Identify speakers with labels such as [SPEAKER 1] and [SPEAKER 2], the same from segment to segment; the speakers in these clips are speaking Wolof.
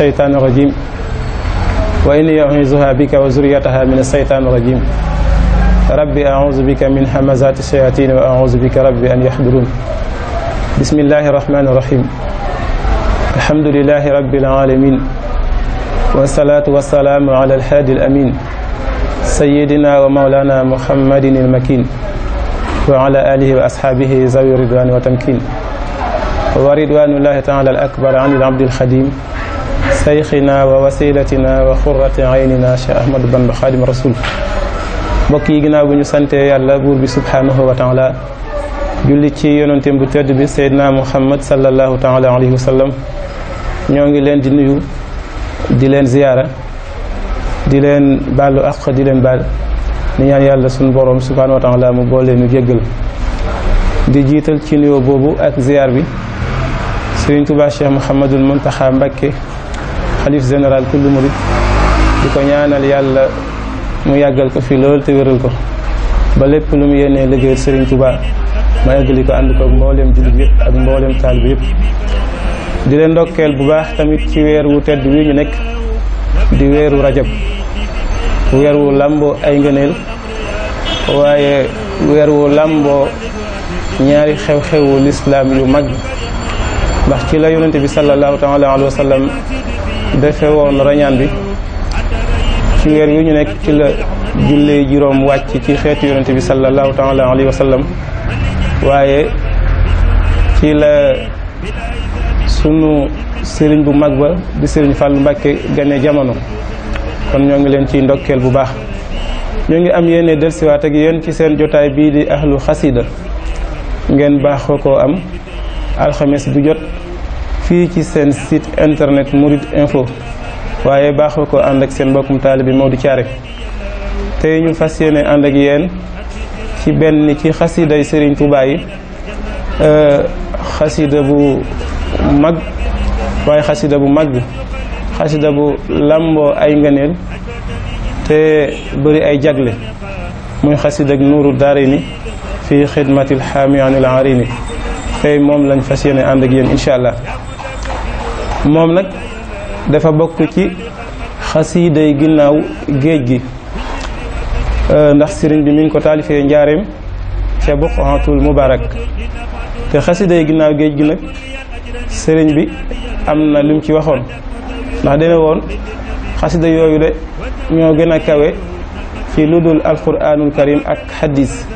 [SPEAKER 1] الشيطان الرجيم وإني أعوذها بك وزريتها من الشيطان الرجيم ربي أعوذ بك من همزات الشياطين وأعوذ بك ربي أن يحضرون بسم الله الرحمن الرحيم الحمد لله رب العالمين والصلاة والسلام على الحادي الأمين سيدنا ومولانا محمد المكين وعلى آله وأصحابه ذوي الرضوان وتمكين ورضوان الله تعالى الأكبر عن العبد الخديم شيخنا ووسيلتنا وقرة عيننا شيخ احمد بن خادم الرسول بكي غناو ني سانتي يالا بور بي سبحانه وتعالى جولي تي يونتيم بو تيد بي سيدنا محمد صلى الله تعالى عليه وسلم نيوغي لين دي نيو دي لين زياره دي لين بالو اخ دي لين بال ني يان يالا سون بوروم سبحانه وتعالى مو بوليه ني جيغل دي جيتال تي نيو بوبو اك زيار بي سيرين توبا شيخ محمد المنتخب مكه xalif général kullu murid di ko ñaanal yàlla mu yàggal ko fi lool te wéral ko ba lépp lu mu yéenee liggéeyal Serigne Touba ma eggali ko ànd ko mboolem jullit yëpp ak mboolem taalibe yëpp. di leen ndokkeel bu baax tamit ci weer wu tedd wi ñu nekk di weeru rajab weer wu làmboo ay ngëneel waaye weer wu làmboo ñaari xew-xewu lislaam yu mag ndax ci la yonente bi sallallahu taala alayhi wa sallam defe woon rañaan bi ci weer yu ñu nekk ci la jullee juróom wàcc ci xeetu yonente bi sallallahu taala alayhi wa sallam waaye ci la sunu sëriñ bu mag ba di sëriñ Fàllu Mbàkke gane jamono kon ñoo ngi leen ci ndokkeel bu baax ñoo ngi am yéene delsiwaat ak yéen ci seen jotaay bii di ahlu xasida ngeen baaxoo koo am alxames bu jot fii ci seen site internet Mouride Info waaye baaxoo ko ànd ak seen mbokkum moo Maodo Thiaré tey ñu fas yéene ànd ak yéen ci benn ci xasiday Serigne Touba yi euh, xasida bu mag waaye xasida bu mag bi bu làmboo ay ngëneel te bëri ay jagle muy xasida ak nuuru daarayni fi xidmatil xaami anil arini tey moom lañ fas yéene ànd ak yéen incha allah moom nag dafa bokk ci xasiiday ginnaaw géej gi euh, ndax sëriñ bi mi ko taalifee njaareem ca buqaatul mubaarak te xasiiday ginnaaw géej gi nag sëriñ bi am na lim ci waxoon ndax dana woon xasida yooyu de ñoo gën a kawe ci lu dul alquranul karim ak xaddis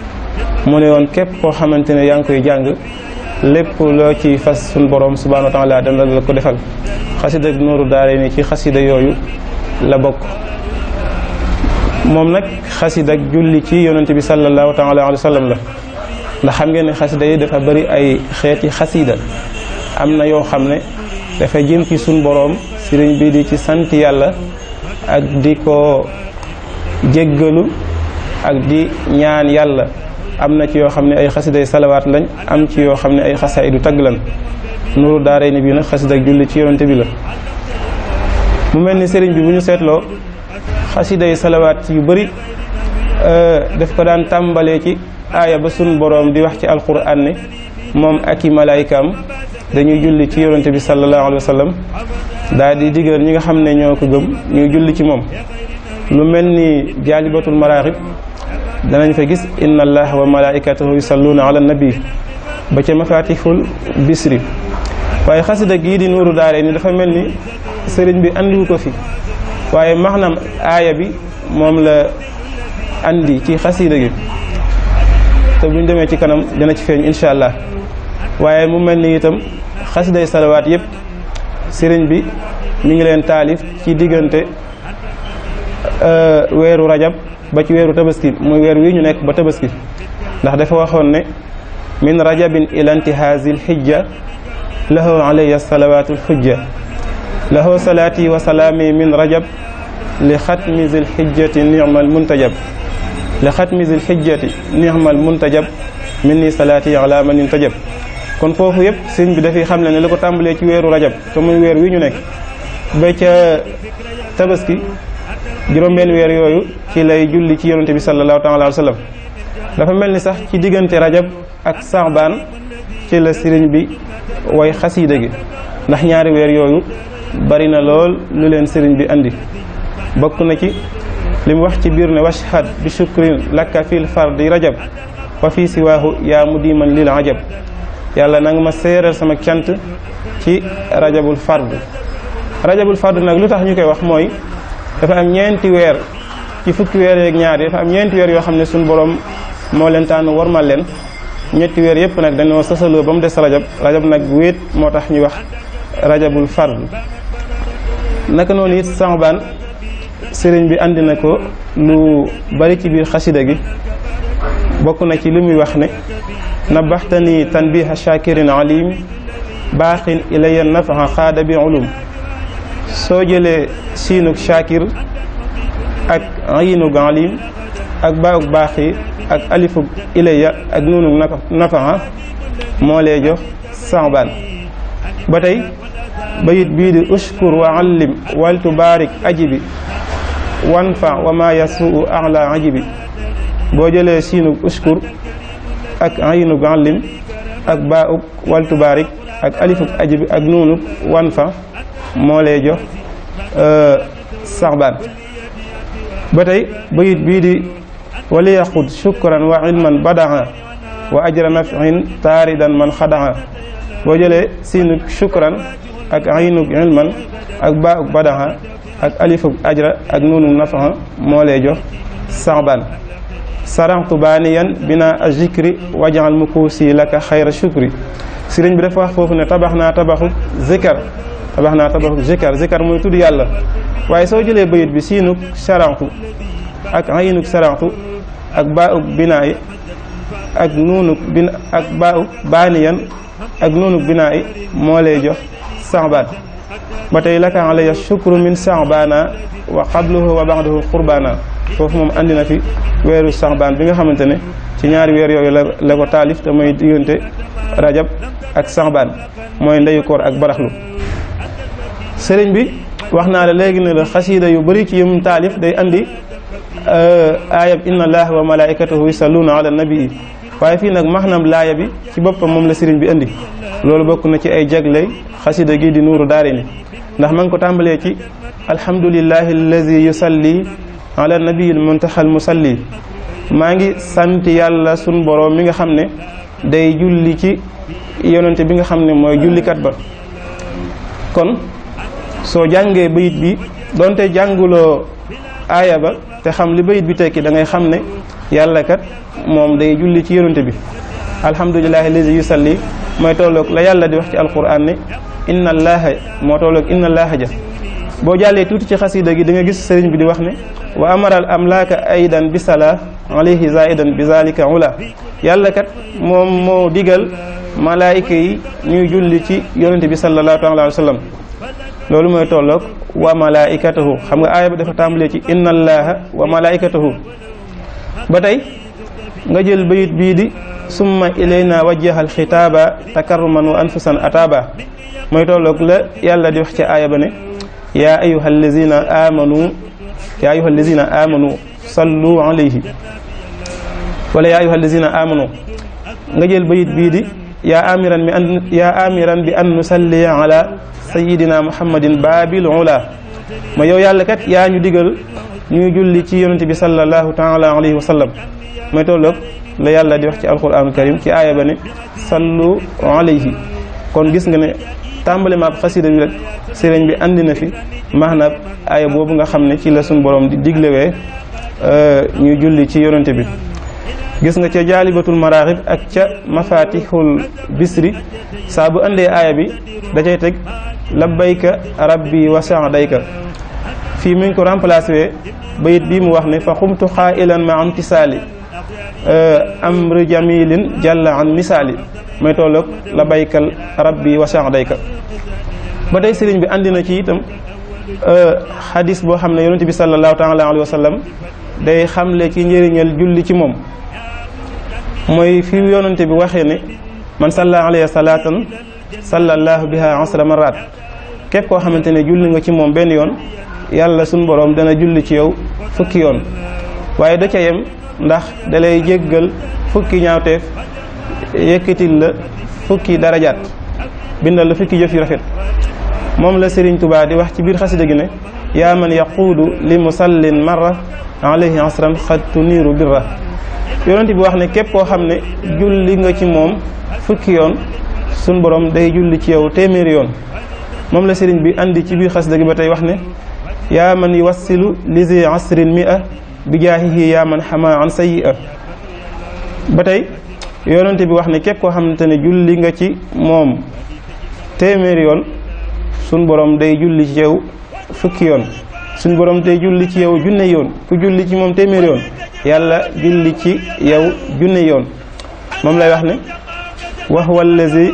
[SPEAKER 1] mu ne woon képp koo xamante ne yaa ngi koy jàng lépp loo ci fas suñ borom subhanahu wa dem dana la ko defal xasida ak nooru daare ni ci xasida yooyu la bokk moom nag xasida ak julli ci yonent bi sallallahu taala alayhi wa sallam la ndax xam ngeen ne xasida yi dafa bari ay xeeti xasida am na yoo xam ne dafa jëm ci suñ boroom sëriñ bi di ci sant yàlla ak di ko jéggalu ak di ñaan yàlla am na ci yoo xam ne ay xasiday salawaat lañ am ci yoo xam ne ay xasaay du tagg lañ nuru daaray ni bii nag xasida julli ci yonante bi la mu mel ni sëriñ bi bu ñu seetloo xasiday salawaat yu bëri euh, daf ko daan tàmbalee ci aaya ba sun boroom di wax ci alquran ne moom ak i malaaykaam dañuy julli ci yonante bi sallallahu alayhi wa sallam daal di digal ñi nga xam ne ñoo ko gëm ñuy julli ci moom lu mel ni jaalibatul maraaxib danañ fa gis inna allaha wa malaikatahu yusalluuna ala nabi ba ca mafatihul bisri waaye xasida gii di nuuru daare ni dafa mel ni sëriñ bi andiwu ko fi waaye maanaam aaya bi moom la andi ci xasida gi te buñ demee ci kanam dina ci feeñ incha allah waaye mu mel ni itam xasiday salawaat yëpp sëriñ bi mu ngi leen taalif ci diggante euh, weeru rajab ba ci weeru tabaski muy weer wi ñu nekk tabaski ndax dafa waxoon ne min rajabin ila intihaasi lxijja lahu alayya salawaatu lxujja lahu salaati wa salaami min rajab li zil xijjati nicmal muntajab li zil xijjati nicmal muntajab min ni salaati ala kon foofu yëpp sëñ bi dafay xamle ne li ko tàmbalee rajab te muy weer wi ñu nekk tabaski juróom benn weer yooyu ci lay julli ci yonante bi sallallahu taala alayhi wa sallam dafa mel ni sax ci diggante rajab ak saabaan ci la sëriñ bi way xasiida gi ndax ñaari weer yooyu bari na lool lu leen sëriñ bi andi bokk na ci li mu wax ci biir ne washhad bi shukrin lakka fil fardi rajab wa fi siwaahu yaa mu diiman lil ajab yàlla nanga ma seeral sama cant ci rajabul fard rajabul fard nag lu tax ñu koy wax mooy dafa am ñeenti weer ci fukki weer yeeg ñaar yi dafa am ñeenti weer yoo xam ne suñu borom moo leen tànn warmal leen ñetti weer yëpp nag dañoo sasaloo ba mu des rajab rajab nag wéet moo tax ñuy wax rajabul fard naka noonu it sanbaan sëriñ bi andi na ko lu bari ci biir xasida gi bokk na ci li muy wax ne nabaxtani tanbiha shakirin alim baaxin ilaya nafaha xaada bi ulum soo jëlee siinug Shakir ak ayinug alim ak baawug baaxi ak alifug ilayya ak nuunug nafaa moo lay jox sanbaan ba tey bayit bii di ushkur wa allim wal tubaarik ajibi wanfa wa ma yasuu ala ajibi boo jëlee siinug ushkur ak ayinug allim ak baawug wal tubaarik ak alifug ajibi ak nuunug wanfa moo lay jox saxbaan ba tey bayit bii di wali yaqud shukran wa ilman badaa wa ajra nafin taaridan man xadaa boo jëlee siinuk shukran ak aynuk ilman ak baak badaa ak alifuk ajra ak nuunuk nafa moo lay jox saxbaan saraxtu baaniyan bina a zikri wajaxal mukuusi laka xayra shukri sëriñ bi dafa wax foofu ne tabax naa tabaxu zikar tabax naa tabaxu zikar zikar mooy tudd yàlla waaye soo jëlee bayit bi siinuk sarantu ak ayinuk sarantu ak baa'uk binaayi ak nuunuk ak baa'uk baaniyan ak nuunuk binaayi moo lay jox sanbaan ba tey laka alaya shukru min sanbaana wa qabluhu wa baxduhu qurbaana foofu moom andi na fi weeru sanbaan bi nga xamante ne ci ñaari weer yooyu la la ko taalif te mooy diggante rajab ak sanbaan mooy ndeyu koor ak baraxlu sëriñ bi wax naa la léegi ne la xasiida yu bëri ci yum taalif day andi euh, aayab inna allaha wa malaikatahu yusalluuna ala nabii waaye fii nag maxnam laaya bi ci boppam moom la sëriñ bi indi loolu bokk na ci ay jagley xasida gi di nuuru daare ni ndax ma ngi ko tàmbalee ci alhamdulillahi alladi yusalli ala nabiyil muntaxal musalli maa ngi sant yàlla sun boroom mi nga xam ne day julli ci yonente bi nga xam ne mooy jullikat ba kon soo jàngee bayit bi donte jànguloo aaya ba te xam li bayit bi tekki da ngay xam ne yàlla kat moom day julli ci yonante bi alhamdulilahi lazi yusalli mooy tolloog la yàlla di wax ci alquran ne inna allaaha moo tolloog inna allaaha ja boo jàllee tuuti ci xasida gi da nga gis sëriñ bi di wax ne waa amaral amlaaka aidan bi sala alayhi zaidan bi zalika ula yàlla kat moom moo digal malaayika yi ñuy julli ci yonante bi sallallahu alayhi wa sallam loolu mooy tollook wa malaikatahu xam nga aaya bi dafa tàmbalee ci inna allaha wa malaikatahu ba tey nga jël bayit bii di summa ilayna wajjahal xitaaba takarruman wa anfusan ataaba mooy tolloog la yàlla di wax ci aaya ba ne yaa ayyuhal lazina amanu yaa ayyuhal lazina amanu sallu alayhi wala yaa ayyuhal amanu nga jël bayit bii yaa amiran bi an yaa amiran bi an nusalliya ala sayidina muhammadin baabil ula ma yow yàlla kat yaa ñu digal ñuy julli ci yonente bi sallallahu taala alayhi wa sallam mooy tolloog la yàlla di wax ci alquranul karim ci aaya ba ne sallu alayhi kon gis nga ne tàmbali maab xasida bi rek sëriñ bi andi na fi maanaam aaya boobu nga xam ne ci la suñu borom di diglewee eh, ñuy julli ci yonente bi gis nga ca jalibatul maraaxib ak ca mafatihul bisri sa bu ande aya bi da cey tek labbayka rabbi wa sa'dayka fi min ko remplacer bayit bi mu wax ne fa khumtu xaa'ilan ma amtisali amru jamilin jalla an misali may tolok labbaykal rabbi wa sa'dayka ba tey sëriñ bi andina ci itam hadith bo xamne yaronte bi sallallahu taala alayhi wa sallam day xamle ci njëriñal julli ci mom mooy fi yonante bi waxee ne man salla alayhi salaatan sallallahu biha asra marat képp koo xamante ne julli nga ci moom benn yoon yàlla suñ boroom dana julli ci yow fukki yoon waaye da ca yem ndax dalay jéggal fukki ñaawteef yëkkatil la fukki darajaat bindal la fukki jëf yu rafet moom la Serigne Touba di wax ci biir xasida gi ne yaa man yaquudu li musallin marra alayhi asran xattu niiru birra yonent bi wax ne képp koo xam ne julli nga ci moom fukki yoon suñ borom day julli ci yow téeméeri yoon moom la sëriñ bi andi ci biir xas ba tey wax ne yaa man yuwassilu lisi asrin mi a bi jaahihi yaa man xama an sayi a ba tey yonent bi wax ne képp koo xamante ne julli nga ci moom téeméeri yoon suñ borom day julli ci yow fukki yoon suñ borom day julli ci yow junne yoon ku julli ci moom téeméeri yoon yàlla julli ci yow junni yoon moom lay wax ne wa huwa allazi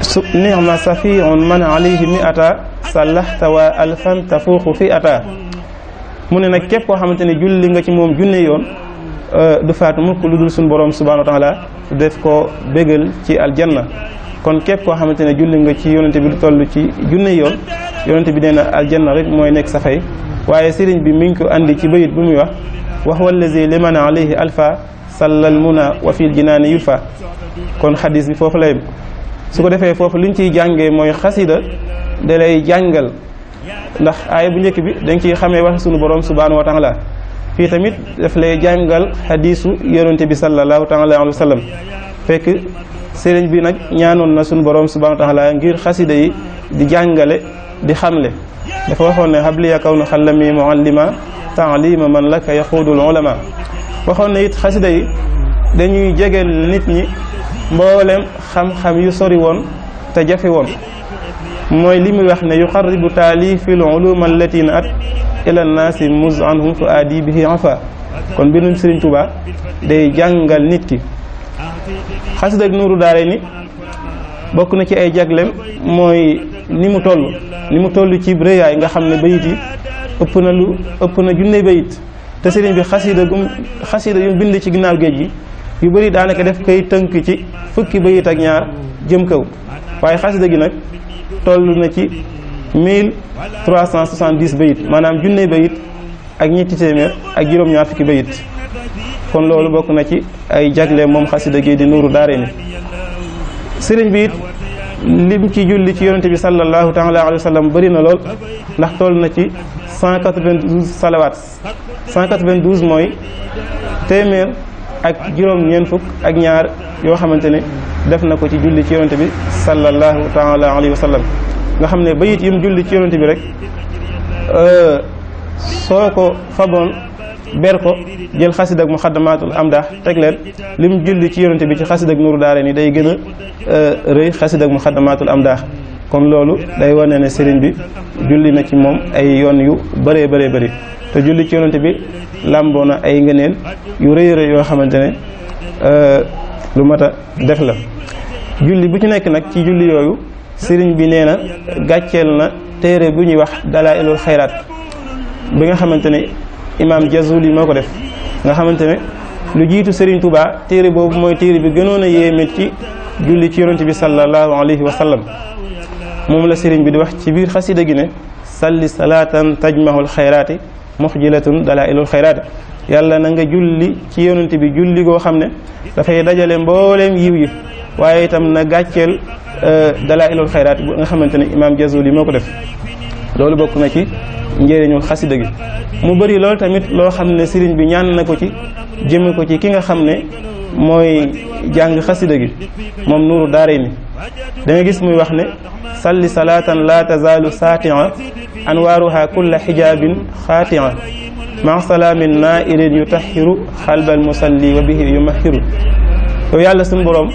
[SPEAKER 1] su nixma safiun man alayhi mi ata salaxta waa alfan tafuuxu fi ata mu ne nag képp koo xamante ne julli nga ci moom junne yoon euh, du faatu mukk lu dul suñu boroom subhanahu wa taala def ko bégal ci aljanna kon képp koo xamante ne julli nga ci yonente bi lu toll ci junne yoon yonente bi nee na aljanna rek mooy nekk sa fay waaye sëriñ bi mi ngi ko andi ci bayit bu muy wax wax wallazi liman alayhi alfa sallal muna wa fil jinaani yulfa kon xadis bi foofu lay su ko defee foofu liñ ciy jàngee mooy xasida da lay jàngal ndax aaya bu njëkk bi dañ ciy xamee wax sunu borom subhaanahu wa laa fii tamit daf lay jàngal xadiisu yonente bi sallallahu taala alayhi wa sallam fekk sëriñ bi nag ñaanoon na sunu borom subhaanahu wa taala ngir xasida yi di jàngale di xamle dafa waxoon ne xabliya kaw na xallami muallima taalima man lak yaxuudul ulama waxoon ne it xasida yi dañuy jegeel nit ñi mboolem xam-xam yu sori woon te jafe woon mooy li muy wax ne yuqarribu taalifil uluma allati naat ila nnaasi mus anhum fu aadi bihi afa kon mbindum Sëriñ Tuubaa day jàngal nit ki xasida nuuru daare ni bokk na ci ay jaglem mooy ni mu toll ni mu toll ci rëyaay nga xam ne bayit yi ëpp na lu ëpp na junne bayit te sëriñ bi xasida gum xasida yu bind ci ginnaaw géej gi yu bëri daanaka def koy tënk ci fukki bayit ak ñaar jëm kaw waaye xasida gi nag toll na ci 1370 bayit maanaam junne bayit ak ñetti téeméer ak juróom-ñaar fukki bayit kon loolu bokk na ci ay jagle moom xasida gi di nuuru daaree ni bi it lim ci julli ci yonente bi sallallahu taala alayhi wa sallam bëri na lool ndax toll na ci 192 salawaat 192 mooy téeméer ak juróom ñeent fukk ak ñaar yoo xamante ne def na ko ci julli ci yonente bi sallallahu taala alayhi wa sallam nga xam ne bayit yum julli ci yonente bi rek soo ko faboon ber ko jël xasid ak muxaddamaatul amdah teg leen lim julli ci yonente bi ci xasid ak nuru daare ni day gën a euh, rëy xasid ak am amdah kon loolu day wane ne sëriñ bi julli na ci moom ay yoon yu bëree bëree bari te julli ci yonente bi làmboo na ay ngëneel yu rëy rëy yoo xamante ne euh, lu mat a def la julli bu ci nekk nag ci julli yooyu sëriñ bi nee na gàcceel na téere bu ñuy wax dalaa ilul xayraat bi nga xamante ne imaam Jazuli moo ko def nga xamante ne lu jiitu Serigne Touba téere boobu mooy téere bi gënoon a yéeme ci julli ci yonent bi sallallahu alayhi wa sallam moom la Serigne bi di wax ci biir xasida gi ne salli salaatan tajmahul xayraati muxjilatun dalailul xayraati yàlla na nga julli ci yonent bi julli goo xam ne dafay dajale mbooleem yiw yi waaye itam na gàcceel euh, dalailul xayraat nga xamante ne imaam Jazuli moo ko def loolu bokk na ci njëriñu xasida gi mu bari lool tamit loo xam ne sëriñ bi ñaan na ko ci jëme ko ci ki nga xam ne mooy jàng xasida gi moom nuuru daare ni da gis muy wax ne salli salaatan la tazaalu saatia anwaaruha kulla xijaabin xaatia ma salaamin nairin yu taxiru xalbal musalli wa bihi yu maxiru yow yàlla suñu boroom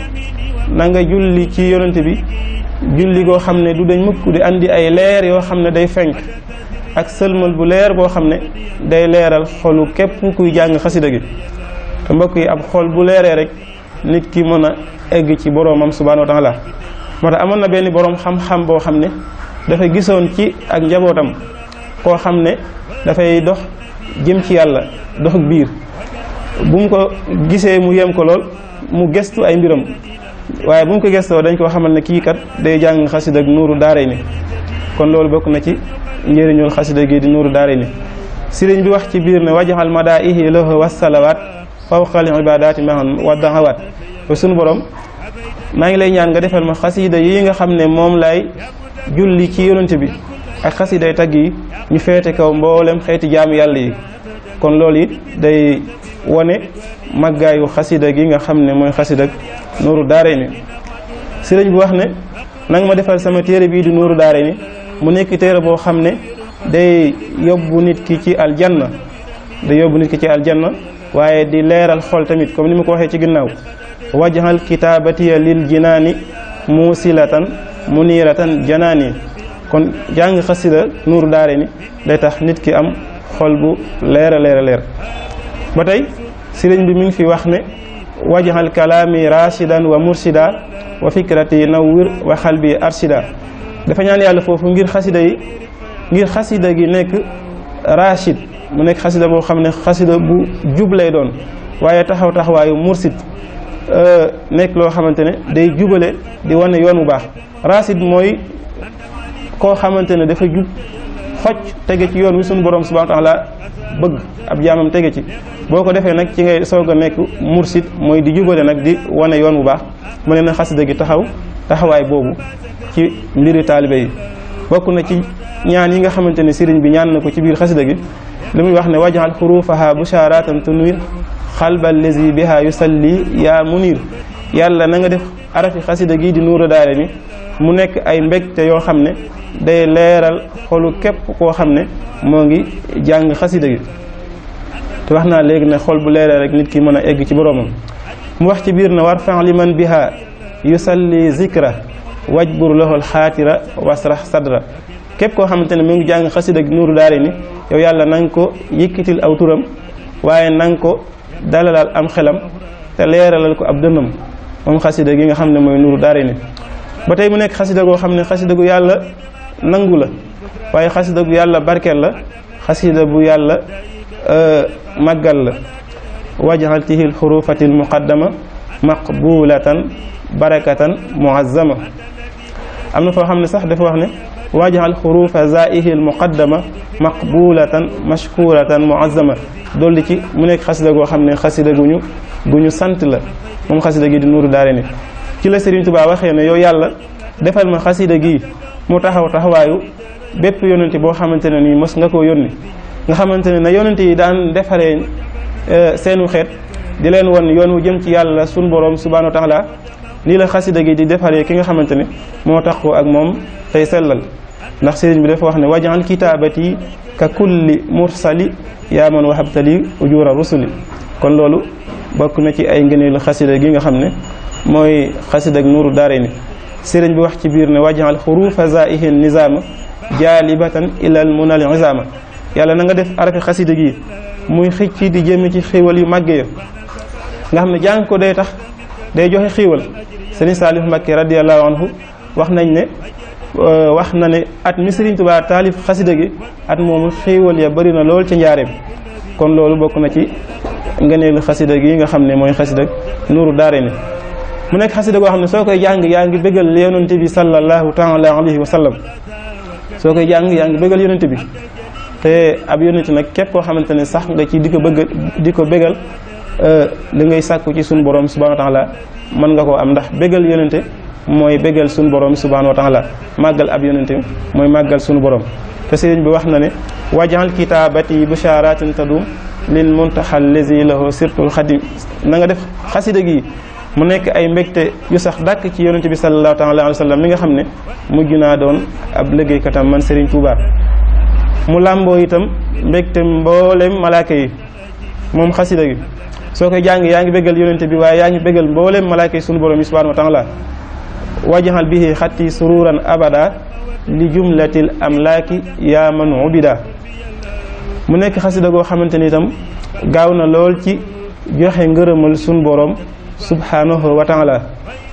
[SPEAKER 1] na nga julli ci yonent bi julli koo xam ne du dañ mukk di andi ay leer yoo xam ne day fenk ak sëlmal bu leer boo xam ne day leeral xolu képp kuy jàng xasida gi te mbokk yi ab xol bu leeree rek nit ki mën a egg ci boroomam subhaanahu wa taala moo tax amoon na benn boroom xam-xam boo xam ne dafay gisoon ci ak njabootam koo xam ne dafay dox jëm ci yàlla dox biir bu mu ko gisee mu yem ko lool mu gëstu ay mbiram waaye bu ñu ko gestoo dañ koo xamal ne kii kat day jàng xasida ak nuuru daaray ni kon loolu bokk na ci njëriñul xasida gi di nuuru daaray ni sëriñ bi wax ci biir ne wajaxal madaihi lahu wassalawaat fawqal ibadaati maham wa dahawaat ba sunu borom maa ngi lay ñaan nga defal ma xasida yi nga xam ne moom laay julli ci yonent bi ak xasiday tagg yi ñu feete kaw mboolem xeeti jaamu yàlla yi kon loolu it day wone màggaayu xasida gi nga xam ne mooy xasida nuuru daaray ni sëriñ bu wax ne nanga ma defar sama téere bii di nuuru daaray ni mu nekk téere boo xam ne day yóbbu nit ki ci na day yóbbu nit ki ci aljanna waaye di leeral xol tamit comme ni ma ko waxee ci ginnaaw wajhal kitaabatiya lil jinaani tan muniratan janaani kon jàng xasida nuuru daare ni day tax nit ki am xol bu leera a leer a leer ba tey sëriñ bi mi ngi fi wax ne wajhal kalaami rashidan wa mursida wa fikrati nawwir wa xalbi arsida dafa ñaan yàlla foofu ngir xasida yi ngir xasida gi nekk rashid mu nekk xasida boo xam ne xasida bu jub lay doon waaye taxaw taxawaayu mursid euh, nekk loo xamante ne day jubale di wane yoon bu baax rashid mooy koo xamante ne dafa jub focc tege ci yoon wi suñu borom subhanahu wa taala bëgg ab jaamam tege ci boo ko defee nag ci ngay soog a nekk mursid mooy di jubale nag di wane yoon bu baax mu ne na xasida gi taxaw taxawaay boobu ci mbiri taalibe yi bokk na ci ñaan yi nga xamante ne sëriñ bi ñaan na ko ci biir xasida gi li muy wax ne wajal xurufaha busharatan tunwir xalba lazi biha yusalli yaa munir yàlla na nga def arafi xasida gi di nuura daare mi mu nekk ay mbégte yoo xam ne day leeral xolu képp koo xam ne moo ngi jàng xasida gi te wax naa léegi ne xol bu leeral rek nit ki mën a egg ci boroomam mu wax ci biir na war fan liman biha yusalli zikra wajbur lahul xaatira wasrah sadra képp koo xamante ne mu ngi jàng xasida gi nuuru daari ni yow yàlla nang nga ko yëkkitil aw turam waaye na nga ko dalalal am xelam te leeralal ko ab dënnam moom xasida gi nga xam ne mooy nuuru daari ni ba tey mu nekk xasida goo xam ne xasida gu yàlla نعولا باي خاسي دبو يالا بارك الله خاسي دبو يالا مقال وجهلته الحروفة المقدمة مقبولة بركة معظمة أمن فهم نصح دفوهن وجهل الحروف زائه المقدمة مقبولة مشكورة معظمة دولتي منك خاسي دبو خمني خاسي دبو غنيو سنتلا من خاسي دبو نور داريني كلا سرين تبا وخينا يو يالا دفل من خاسي دبو mu taxaw taxawaayu bépp yonente boo xamante ne nii mos nga koo yónni nga xamante ne na yonante yi daan defaree euh, seenu xeet di leen won yoon wu jëm ci yàlla sun borom subhanahu tax taala nii la xasida gi di defaree ki nga xamante ne moo tax ko ak moom tey sellal ndax sëriñ bi dafa wax ne wajal kitaabati ka kulli mursali yaa man wahabtali ujura rusuli kon loolu bokk na ci ay ngëneelu xasida gi nga xam ne mooy xasida ak nuuru daare ni sëriñ bi wax ci biir ne wajaal xurufa zaihi nizaama jaalibatan ilal munal izama yàlla na nga def arafi xasida gi muy xicc di jëme ci xiiwal yu màgge ya nga xam ne jàng ko day tax day joxe xiiwal sëriñ Saalif Mbàkke radiallahu anhu wax nañ ne wax na ne at mi sëriñ Tuubaa taalif xasida gi at moomu xiiwal ya bari na lool ci njaareem kon loolu bokk na ci ngëneelu xasida gi nga xam ne mooy xasida nuuru mu nekk xasida goo xam ne soo koy jàng yaa ngi bëggal yonent bi sallallahu taala alayhi wa sallam soo koy jàng yaa ngi bëggal yonent bi te ab yonent nag képp koo xamante ne sax nga ci di ko bëgg di ko bëggal euh, li ngay sàkku ci suñu borom subhanahu wa taala mën nga koo am ndax bëggal yonente mooy bëggal suñu borom subhanahu wa taala màggal ab yonente mooy màggal suñu borom te sëriñ bi wax na ne waa wajal kitaabati busharatin tadum lil muntaxal lazi lahu sirtul xadim na nga def xasida gi mu nekk ay mbegte yu sax dàkk ci yonente bi sallallahu taala alayhi wa sallam mi nga xam ne mujj naa doon ab liggéeykatam man Serigne Touba mu làmboo itam mbegte mboolem malaaka yi moom xasida gi soo koy jàng yaa ngi bégal yonente bi waaye yaa ngi bégal mboolem malaaka yi sunu borom yi subhanahu wa taala wajaxal bihi xatti sururan abada li jumlatil amlaaki yaa man ubida mu nekk xasida goo xamante ni itam gaaw na lool ci joxe ngërëmal sunu boroom subhaanahu wa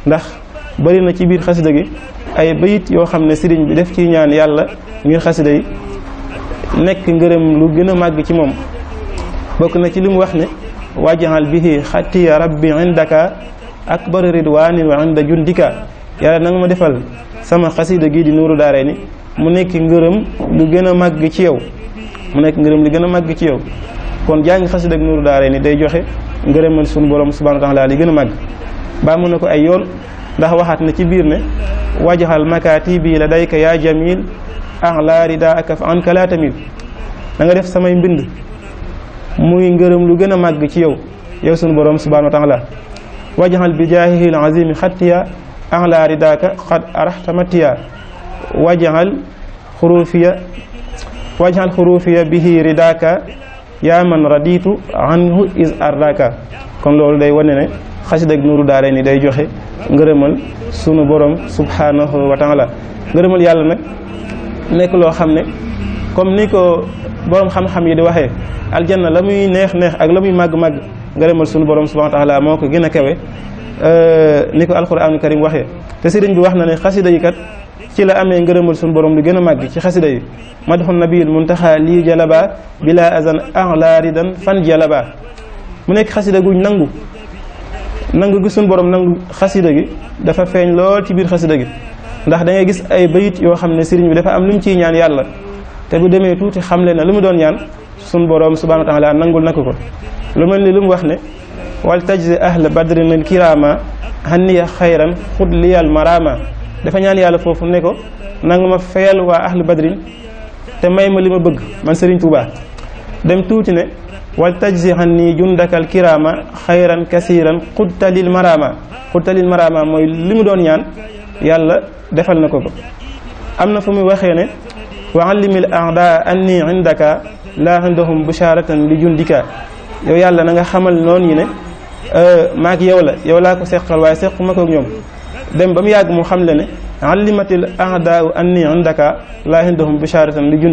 [SPEAKER 1] ndax bari na ci biir xasida gi ay bayit yoo xam ne sëriñ bi def ciy ñaan yàlla ngir xasida yi nekk ngërëm lu gën a màgg ci moom bokk na ci li mu wax ne wajaxal bihi xatiya rabbi indaka akbar ridwanin wa inda jundika yàlla na ma defal sama xasida gi di nuuru daaray ni mu nekk ngërëm lu gën a màgg ci yow mu nekk ngërëm lu gën a màgg ci yow kon jàng xasida ak nuuru daaray ni day joxe ngeureumal suñu borom subhanahu wa taala li gëna mag ba mu na ko ay yoon ndax waxat na ci biir ne wajhal makatibi ladayka ya jamil ahla laa fa anka la tamil da nga def samay mbind muy ngeureum lu gëna mag ci yow yow suñu borom subhanahu wa taala wajhal bijahihi alazim l ahla xattiya ah laa ridaaka xad araxtamatiya wajaxal bihi ridaaka yaa man raditu anhu is ardaka kon loolu day wane ne xasida ak nuuru daara ni day joxe ngërëmal sunu borom subhanahu wa taala ngërëmal yàlla nag nekk loo xam ne comme ni ko borom xam-xam yi di waxee aljanna la muy neex neex ak la muy màgg-màgg ngërëmal sunu borom subhanahu wa taala moo ko gën a kawe Euh, ni ko alxuraanu karim waxee te sëriñ bi wax na ne xasida yi kat ci la amee ngërëmal suñu borom lu gën a màgg ci xasida yi madxu nabiyul muntaxa lii jalaba bila azan dan fan jalaba mu nekk xasida guñ nangu nangu gi suñu borom nangu xasida gi dafa feeñ lool ci biir xasida gi ndax da ngay gis ay bayit yoo xam ne sëriñ bi dafa am lu mu ciy ñaan yàlla te bu demee tuuti xamle na lu mu doon ñaan suñu borom subhaanahu wa taala nangul na ko ko waltajzi ahla badrinil kirama hanniya xayran xud liyal marama dafa ñaan yàlla foofu ne ko nanga ma fayal waa badrin te may ma li bëgg man Serigne Touba dem tuuti ne wal hanni jundakal kirama xayran kasiran xudtalil marama xudtalil marama mooy li mu doon ñaan yàlla defal na ko ko fu muy waxee ne wa allimil aada anni indaka la indahum bisharatan li jundika yow yàlla na nga xamal noon yi ne ماك يو لا يو لا كو سيخال واي سيخ ماكو نيوم ديم بام ياغ مو خام لا ني علمت الاعداء اني عندك لا عندهم بشاره لي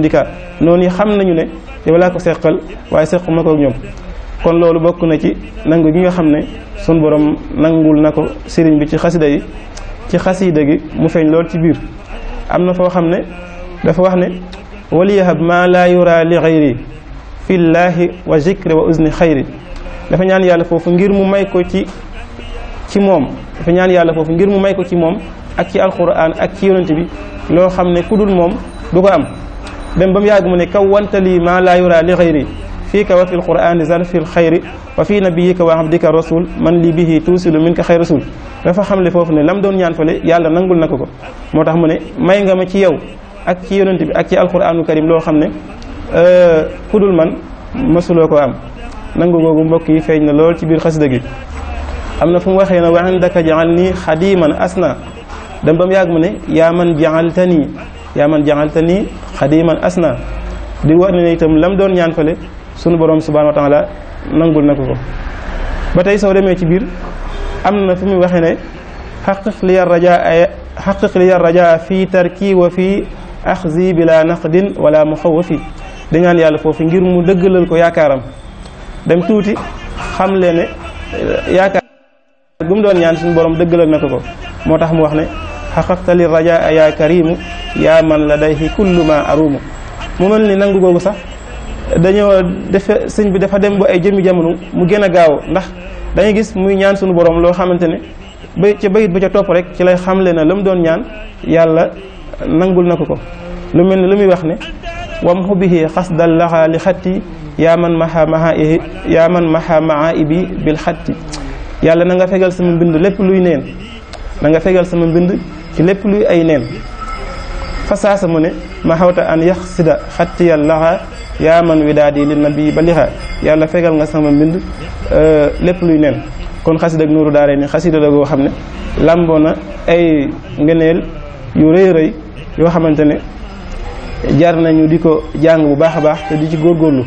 [SPEAKER 1] نوني خام نانيو ني يو لا كو سيخال واي سيخ ماكو نيوم كون لولو بوكو ناتي نانغو جيغا خام ني سون بوروم نانغول نكو سيرين بي تي خاسيده يي تي خاسيده غي مو فاج لول تي بير امنا فو خام ني دا فا واخ ني وليهب ما لا يرى لغيري في الله وذكر واذن خيري dafa ñaan yàlla foofu ngir mu may ko ci ci moom dafa ñaan yàlla foofu ngir mu may ko ci moom ak ci alquran ak ci yonent bi loo xam ne ku dul moom du ko am dem ba mu yàgg mu ne kaw wanta wantali maa laa yura li xayri fii ka wa fi alquran lqurani fi lxayri wa fi nabiyika wa hamdika rasul man li bihi tuusilu min ka xay rasul dafa xam le foofu ne lam doon ñaan fële yàlla nangul na ko ko moo tax mu ne may nga ma ci yow ak ci yonent bi ak ci alquranu karim loo xam ne ku dul man mësuloo ko am nangu googu mbok yi feñ na lol ci bir xasida gi amna na fu mu waxee ne wa indaka jaal nii asna dem bam yag mune ya man ja'altani ya man ja'altani khadiman asna di war ne itam lam doon ñaan fele sunu borom subhanahu wa taala nangul nako ko batay so tey ci bir amna na fu muy waxee ne xaqiq li rajaa xaqiq li rajaa fi tarki wa fi akhzi bila naqdin wala muxawafi dañaan yàlla fofu ngir mu dëggalal ko yaakaaram dem tuuti xam leen ne eh, yaakaar gum doon ñaan suñu borom dëggalal na ko ko moo tax mu wax ne xaqaqta li rajaa yaa karimu yaa man ladayhi kullu ma arumu mu mel ni nangu googu sax dañoo defe sëñ bi dafa dem ba ay jëmmi jamono mu gën a gaaw ndax dañuy gis muy ñaan suñu borom loo xamante ne bay ci bayit bu ca topp rek ci lay xamle na la mu doon ñaan yàlla nangul na ko ko lu mel ni lu muy wax ne wam xubihi xasdal laxa li xatti yaa man maxa maxa yaa man maxa maxa ibi bil xatti yàlla na nga fegal sama mbind lépp luy neen na nga fegal sama mbind ci lépp luy ay neen fasaasa mu ne ma xawta an yax sida xattiyal laxa yaa man wi daa di li nabi ba lixa yàlla fegal nga sama mbind euh, lépp luy neen kon xasida ak nuuru daare xasida la goo xam ne làmboo na ay ngeneel yu rëy rëy yoo xamante ne jar nañu di ko jàng bu baax a baax te di ci góorgóorlu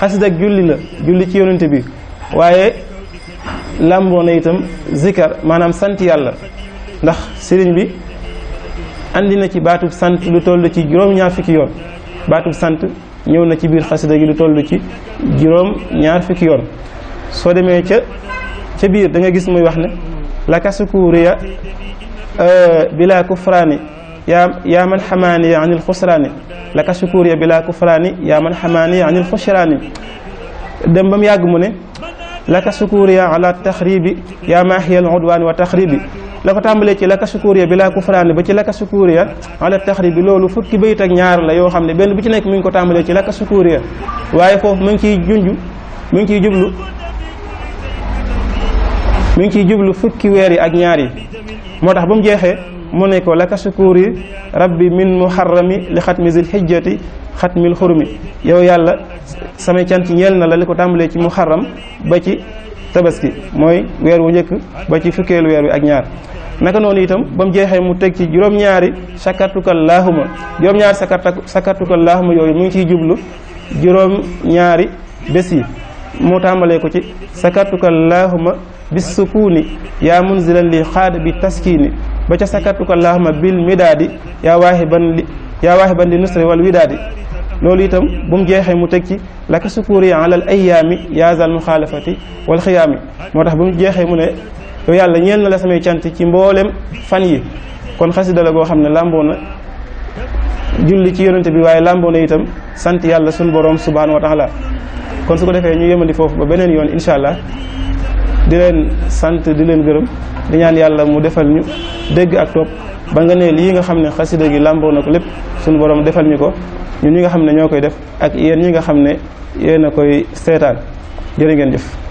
[SPEAKER 1] xasida ak julli la julli ci yonente bi waaye làmboo na itam zikar maanaam sant yàlla ndax sëriñ bi andi na ci baatub sant lu toll ci juróom-ñaar fukki yoon baatub sant ñëw na ci biir xasida gi lu toll ci juróom-ñaar fukki yoon soo demee ca ca biir da nga gis muy wax ne la kasukuriya euh, bila kufraani يا يا من حماني عن الخسران لك شكوري بلا كفران يا من حماني عن الخسران dem ba mu yàgg mu ne laka sukuriya ala taxribi yaa maahiyal udwaan wa taxribi la ko tàmbalee ci laka sukuriya bi laa kufraani ba ci laka sukuriya ala taxribi loolu fukki bayit ak ñaar la yoo xam ne benn bu ci nekk mu ngi ko tàmbalee ci laka sukuriya waaye foofu mu ngi ciy junj mu ngi ciy jublu mu ngi ciy jublu fukki weer yi ak ñaar yi moo tax ba mu jeexee mu ne ko laka sukuri rabbi min muharrami li xatmi zil xijjati xatmil mi yow yàlla samay cant ñeel na la li ko tàmbalee ci muharram ba ci tabaski mooy weer wu njëkk ba ci fukkeelu weer wi ak ñaar naka noonu itam ba mu jeexee mu teg ci juróom-ñaari sakkartukal laahuma juróom-ñaari sakkarta sakkartukal laahuma yooyu mu ngi ciy jublu juróom-ñaari bés yi mu tàmbalee ko ci sakkartukal laahuma bis sukuuni yaa munzilan li xaada bi taskiini ba ca sakartuka allahuma bil midaadi yaa waahiban li yaa waahiban li nusri wal widaadi loolu itam bu mu jeexee mu teg ci laka sukuuri alal ayaami yaazal muxaalafati wal xiyaami moo tax bu mu jeexee mu ne yow yàlla ñeen na la samay cant ci mbooleem fan yi kon xasida la goo xam ne làmboo na julli ci yonente bi waaye làmboo na itam sant yàlla sun borom subhaanahu wa taala kon su ko defee ñu yemandi foofu ba beneen yoon incha allah di sant di leen gërëm di ñaan yàlla mu defal ñu dégg ak topp ba nga ne lii nga xam ne xasida gi làmboo na ko lépp suñu borom defal ñu ko ñun ñi nga xam ne ñoo koy def ak yéen ñi nga xam ne yéen a koy seetaan jërë ngeen jëf